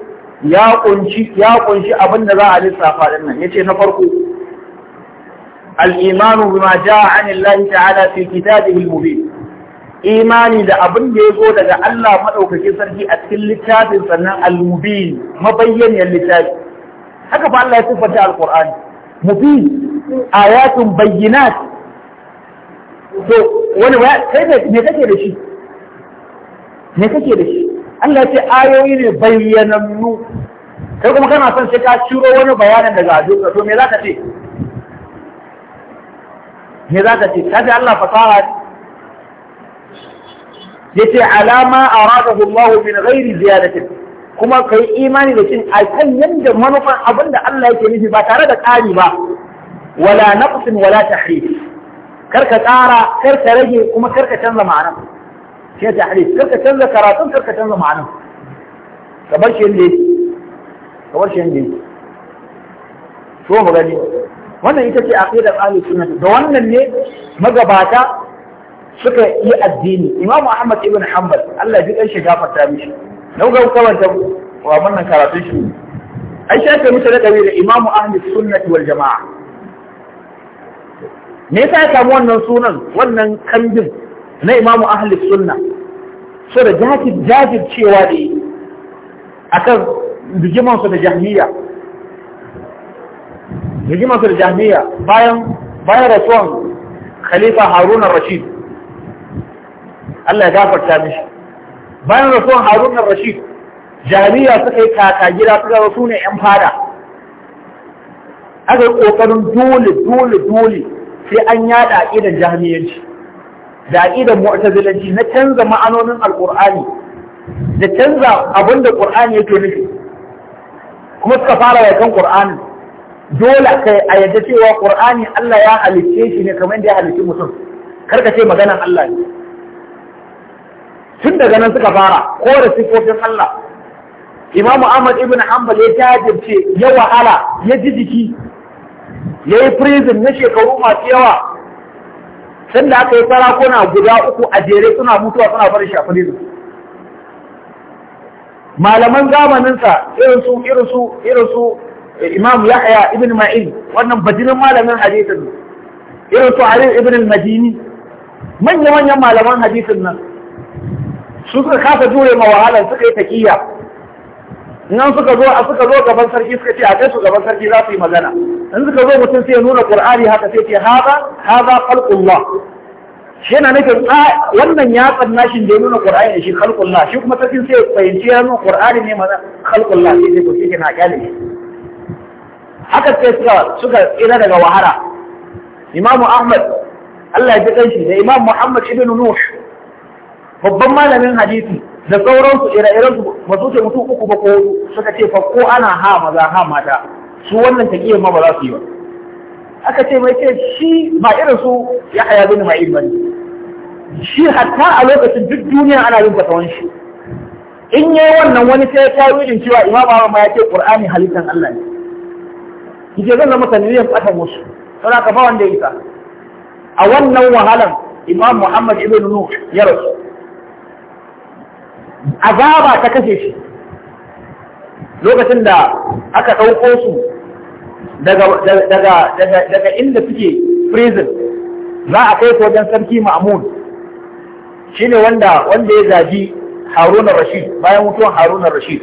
ya kunshi ya kunshi abinda za a lissafa din nan yace na farko الإيمان بما جاء عن الله تعالى في كتابه المبين imani da abin da ya zo daga Allah maɗaukakin sarki a cikin littafin sannan al-mubin littafi haka fa Allah ya siffanta al-Qur'ani mubin ayatun bayyinat to wani me kake da Allah ce ayoyi ne bayyanannu kai kana son sai ka ciro wani bayanin daga hadisi me za ka ce kaji Allah fasaha ne yace alama aradahu Allah min ghairi ziyadatin kuma kai imani da cin akan yanda manufan abinda Allah yake nufi ba tare da ƙari ba wala naqsin wala tahrif kar ka tsara kar ka rage kuma kar ka canza ma'anar shi ya tahrif kar ka canza karatun kar ka canza ma'anar ka bar shi yanda ka bar shi yanda yake so mu gani wannan ita ce aqidar ahlus sunna da wannan ne magabata suka yi addini Imam Ahmad ibn Hanbal Allah ya shi gafarta mishi dan ga kawanta wa wannan karatun shi ai sai ka mutu da kabi da Imam Ahlus Sunnah wal Jamaa me yasa ya samu wannan sunan wannan kambin na Imam Ahlus Sunnah so da jajib jajib cewa da akan bijiman su da jahmiya rigimatul jami'a bayan bayan rasuwan khalifa harun rashid Allah ya gafarta mishi bayan rasuwan harun rashid jami'a suka yi kaka gida suka rasu ne yan fada aka yi kokarin dole dole dole sai an yada aqidan jami'anci da aqidan mu'tazilanci na canza ma'anonin alqur'ani da canza abinda qur'ani yake nufi kuma suka fara yakan ƙur'anin. dole kai a yadda cewa Qur'ani Allah ya halicce shi ne kamar da ya halicci mutum karka ce maganan Allah ne tun daga nan suka fara ko kore sifofin Allah Imam Ahmad ibn Hanbal ya jajirce ya wahala ya ji jiki ya yi prison na shekaru masu yawa da aka yi sarakuna guda uku a jere suna mutuwa suna fara shi a malaman zamaninsa irin su irin su irin su imam yahya ibn ma'in wannan bajirin malamin hadisin irin su ali ibn al-madini manya manyan malaman hadisin nan su suka kasa jure ma wahalar suka yi taqiya nan suka zo a suka zo gaban sarki suka ce a kai su gaban sarki za su yi magana in suka zo mutum sai ya nuna qur'ani haka sai ce haza haza khalqullah shi yana nufin wannan ya tsanna shi da ya nuna qur'ani shi khalqullah shi kuma sarkin sai ya fahimci ya nuna qur'ani ne mana khalqullah sai dai ko shi na kyale haka sai suka suka tsira daga wahala Imam Ahmad Allah ya ji kanshi da Imam Muhammad ibn Nuh babban malamin hadisi da sauransu ire-iren su ba su ce mutu uku ba ko suka ce fa ko ana ha maza ha mata su wannan ta taqiyyar ma ba za su yi ba aka ce mai ce shi ba irin su ya haya bin ba ne. shi hatta a lokacin duk duniya ana yin fatawan shi in yi wannan wani sai ya kawo cewa Imam Ahmad ya ce Qur'ani halittan Allah ne kike zan zama sanadiyan ɓata musu sau ka ba wanda ya isa a wannan wahalan imam muhammad ibn nuh ya rasu azaba ta kashe shi lokacin da aka ɗauko su daga inda suke prison za a kai su wajen sarki ma'amun shine ne wanda ya zaji Haruna rashid bayan mutuwan Haruna rashid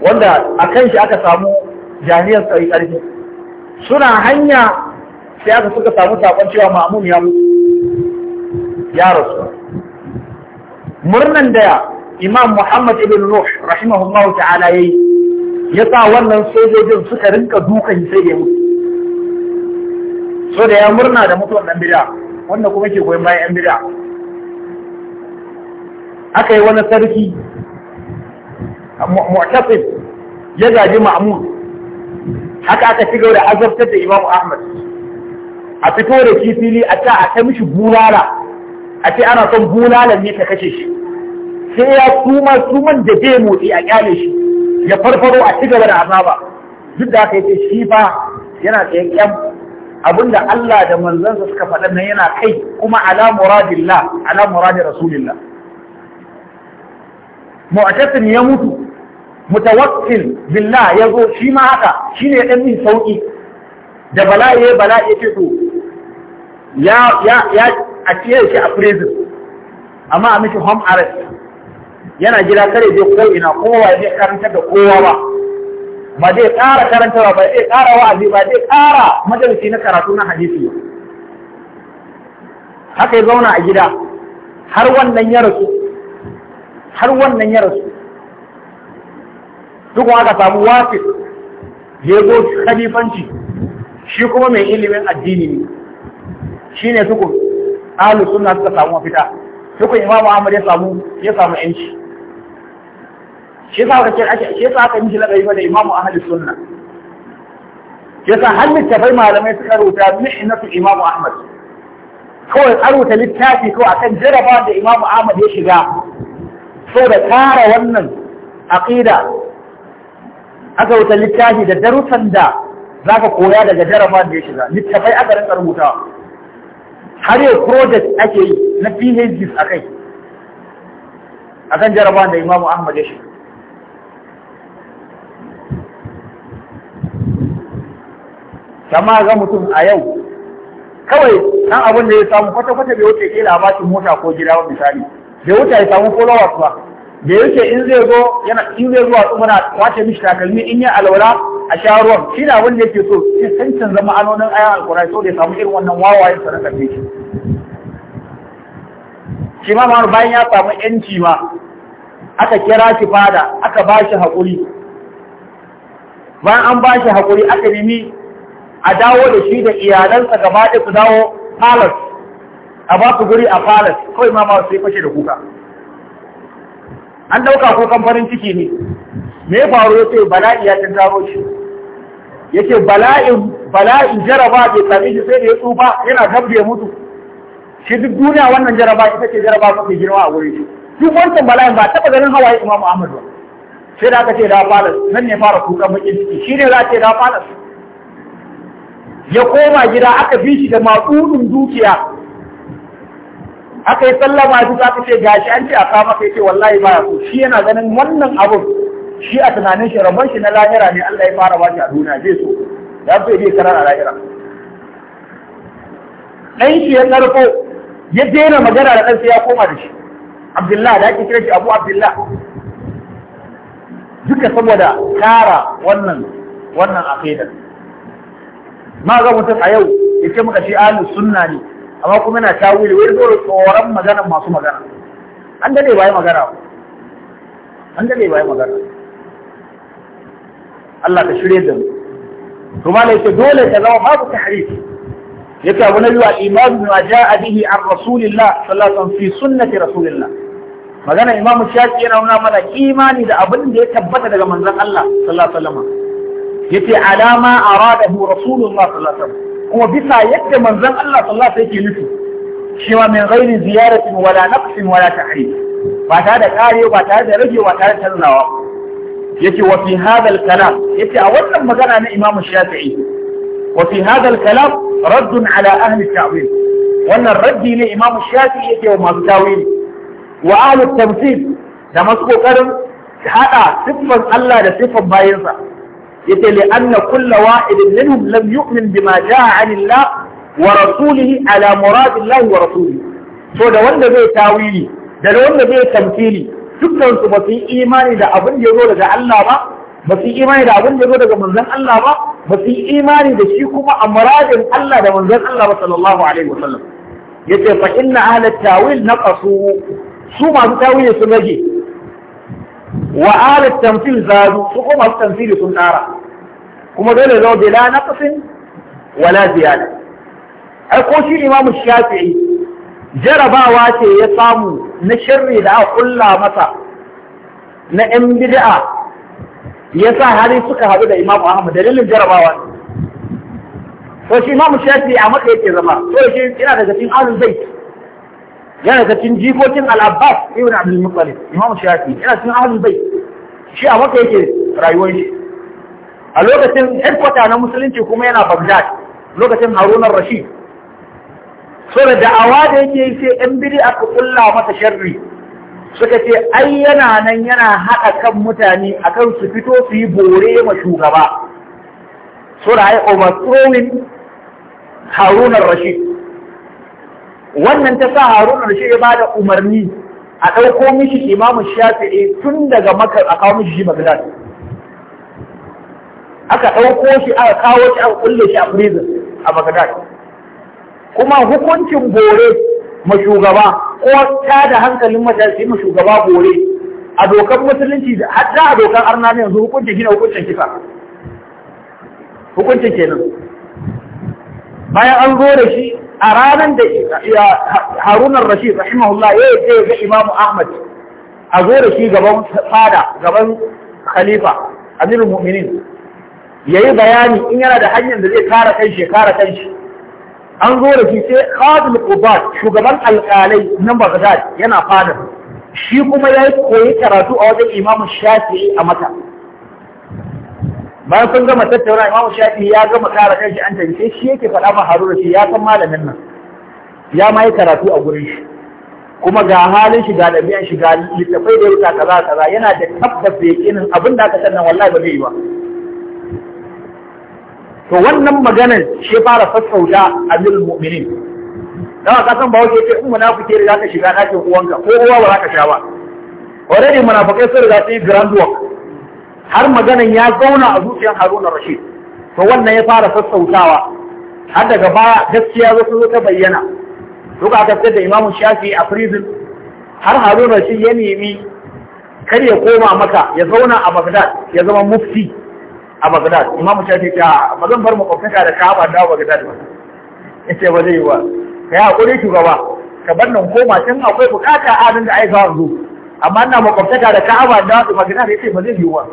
wanda a kan shi aka samu janiyar tsari ƙarfi suna hanya sai aka suka samu saƙon cewa ma'amun ya mutu ya rasu murnan da imam muhammad ibn nuh rahimahullahu ta'ala yayi ya sa wannan sojojin suka rinka dukan sai ya mutu so da ya murna da mutuwan nan bid'a wanda kuma ke goyon bayan yan bid'a aka yi wani sarki mu'tasib ya gaji ma'mun haka aka ci da azabtar da Imam Ahmad a fito da shi fili a ta a ta mishi bulala a ce ana son bulalan ne ta kashe shi sai ya suma suman da zai motsi a kyale shi ya farfaro a ci gaba da azaba duk da aka yace shi fa yana tsayen kyam abinda Allah da manzansa suka faɗa nan yana kai kuma ala muradillah ala muradi rasulillah mu'tasim ya mutu mutawakkil billah ya zo shi ma haka shi ne ɗan min sauƙi da bala'i ya bala'i ya ce ya ya ya a ciyar shi a prison amma a mishi home arrest yana gida kare je ko ina kowa ya karanta da kowa ba ba zai ƙara karantawa ba zai ƙara wa'azi ba zai ƙara majalisi na karatu na hadisi haka ya zauna a gida har wannan ya rasu har wannan ya rasu dukkan aka samu wafi ya go khalifanci shi kuma mai ilimin addini ne shi ne tukun ahlus suna suka samu mafita tukun imamu ahmad ya samu ya samu yanci shi yasa aka ce ake shi yasa aka mishi lakabi da imamu ahlus sunna yasa har littafai malamai suka rubuta mihnatu imamu ahmad kawai a rubuta littafi ko akan jaraba da imamu ahmad ya shiga saboda kara wannan aqida aka wuta littafi da darussan da za ka koya daga jarama da ya shiga littafai aka rinka rubuta har yau project ake yi na phd a kai a kan jarama da imamu ahmad ya shiga kama ga mutum a yau kawai nan abin da ya samu kwata-kwata bai wuce kila a mota ko gida ba misali bai wuce ya samu followers ba da yake in zai zo yana in zai zuwa tsumana kwace mishi takalmi in ya alwala a sha shi da wanda yake so sai san canza ma'anonin ayan alkurai so da ya samu irin wannan wawayen sa na karfe shi shi ma ma'anu bayan ya samu yanci ma aka kira shi fada aka ba shi haƙuri bayan an ba shi haƙuri aka nemi a dawo da shi da iyalansa gaba ɗaya su dawo palace a ba su guri a palace kawai ma ma sai fashe da kuka an ɗauka ko kamfanin ciki ne me ya faru ya ce bala'i ya taro shi ya ce bala'in jaraba bai tsami shi sai da ya tsufa yana gabbe ya mutu shi duk duniya wannan jaraba ita ce jaraba mafi girma a wurin shi duk wancan bala'in ba taɓa ganin hawaye imamu ahmad ba sai da aka ce da falas nan ne fara kukan bakin ciki shi ne za a ce da falas ya koma gida aka bi shi da matsudun dukiya aka yi sallama duk aka ce gashi an ce a kama kai ce wallahi baya ku shi yana ganin wannan abun shi a tunanin shi rabon shi na lahira ne Allah ya fara bashi a duniya zai so ya so zai karar a lahira dan shi ya karko ya daina magana da ɗansa ya koma da shi Abdullahi da ake kira shi Abu Abdullahi duka saboda kara wannan wannan aqidar ma ga mutum a yau ya ce muka shi ahlus sunna ne amma kuma yana tawili wai dole tsoron magana masu magana an dade bai magana an dade bai magana Allah ta shirye da mu to malai ce dole ka zama babu tahrif yake abu na biyu al-imam ma ja'a bihi an rasulillah sallallahu alaihi wasallam fi sunnati rasulillah magana imam shafi yana nuna mana imani da abin da ya tabbata daga manzon Allah sallallahu alaihi wasallam yace alama aradahu rasulullah sallallahu alaihi wasallam kuma bisa yadda manzon Allah sallallahu alaihi wasallam yake nufi shi ma min ghairi ziyaratin wala naqsin wala tahrif ba tare da kare ba tare da rage ba tare da canzawa yace wa fi Hadal al-kalam yace a wannan magana na Imam Shafi'i wa fi hadha al-kalam radd ala ahli tawil wannan raddi ne Imam Shafi'i yake wa masu tawili wa ahli tamthil da masu kokarin hada siffan Allah da siffan bayinsa yace li anna kullu wa'idin minhum lam yu'min bima jaa 'anillah wa rasulihi ala muradillahi wa rasulihi To da wanda zai tawili da wanda zai tamfili dukkan su ba yi imani da abin da ya zo daga Allah ba Basu yi imani da abin da ya zo daga manzon Allah ba Basu yi imani da shi kuma a muradin Allah da manzon Allah ba sallallahu alaihi wasallam yace fa inna ahla tawil naqasu su masu tawili sun rage wa ala tamfil zaru su kuma masu sun tsara kuma dole zo bila naqsin wala ziyada ai ko shi imamu shafi'i jarabawa ce ya samu na shirri da aka kulla masa na yan bid'a ya sa hari suka haɗu da imamu ahmad dalilin jarabawa ne to shi imamu shafi'i a matsayi yake zama to shi ina daga cikin ahlul bait yana da cikin jikokin al-abbas ibn abdul muttalib imam shafi yana cikin ahlul bait shi a maka yake rayuwar shi a lokacin headquarter na musulunci kuma yana baghdad lokacin harun rashid so da da'awa da yake yi sai yan biri aka kulla masa sharri suka ce ai yana nan yana haɗa kan mutane akan su fito su yi bore ma shugaba so da ai overthrowing harun rashid wannan ta sa Harun shi ya bada umarni a ɗauko mishi Imam Shafi'i tun daga Makar a kawo mishi shi Baghdad aka ɗauko shi aka kawo shi aka kulle shi a prison a Baghdad kuma hukuncin bore shugaba ko ta da hankalin matashi shugaba bore a dokar musulunci da hatta a dokar arna yanzu hukuncin gina hukuncin kisa hukuncin kenan bayan an zo da shi a ranar da Haruna rashid rahimahullah ya yadda ga imam ahmad a zo da shi gaban fada gaban khalifa amirul mu'minin ya yi bayani in yana da hanyar da zai kara kanshi ya kanshi an zo da shi sai khadul qubat shugaban alƙalai na baghdad yana fada shi kuma ya koyi karatu a wajen imamu shafi'i a mata bayan sun gama tattauna imamu shafi ya gama kara kai shi an tafi shi yake faɗa ma haruna shi ya san malamin nan ya ma karatu a gurin shi kuma ga halin shi ga ɗabi'an shi ga littafai da ya kaza kaza yana da tabbas da yakinin abin da aka sanna, wallahi ba zai yi ba to wannan maganar shi fara a amirul mu'minin Da ka san ba ke ce in munafike za ka shiga ɗakin uwanka ko uwa ba za ka sha ba already munafikai sun riga sun yi grand work har maganan ya zauna a zuciyar Haruna Rashid to wannan ya fara sassautawa har daga baya gaskiya zo ta bayyana Duk aka fitar da imamu Shafi a prison har Haruna Rashid ya nemi kar ya koma maka ya zauna a bagdad ya zama mufti a bagdad imamu Shafi ya ba zan bar makwabtaka da Kaaba da bagdad ba ce ba zai yi ba yi haƙuri shugaba ka bar nan koma tun akwai bukata da dinga aika wanzu amma ina makwabtaka da Kaaba da ya ce ba zai yi ba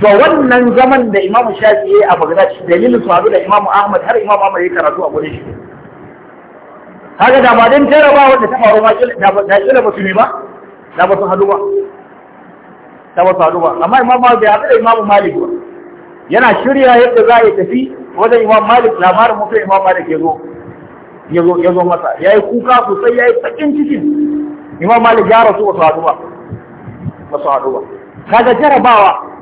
to wannan zaman da imamu shafi ya yi a bagdad dalilin su hadu da imamu ahmad har imamu ahmad ya karatu a gurin shi haka da ba don jaraba wanda ta faru da ƙila ba su ne ba da ba su haɗu ba da ba su ba amma imamu bai haɗu da imamu malik ba yana shirya yadda za a yi tafi wajen imamu malik labarin mutum imamu malik ya zo ya zo masa ya yi kuka sosai ya yi sakin cikin imamu malik ya rasu ba su hadu ba ba su haɗu ba kaga jarabawa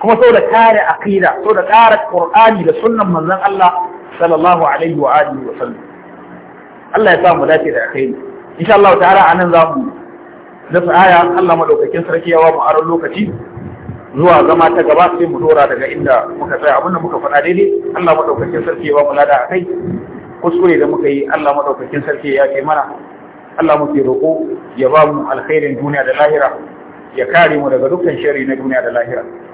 kuma sau da kare aqida sau da kare qur'ani da sunnan manzon Allah sallallahu alaihi wa alihi wa sallam Allah ya sa mu dace da alkhairi insha Allah ta'ala anan za mu dasa aya Allah madaukakin sarki ya wa mu aron lokaci zuwa zama ta gaba sai mu dora daga inda muka tsaya abin da muka faɗa daidai Allah madaukakin sarki ba mu lada akai kuskure da muka yi Allah madaukakin sarki ya kai mana Allah ke roƙo ya ba mu alkhairin duniya da lahira ya kare mu daga dukkan sharri na duniya da lahira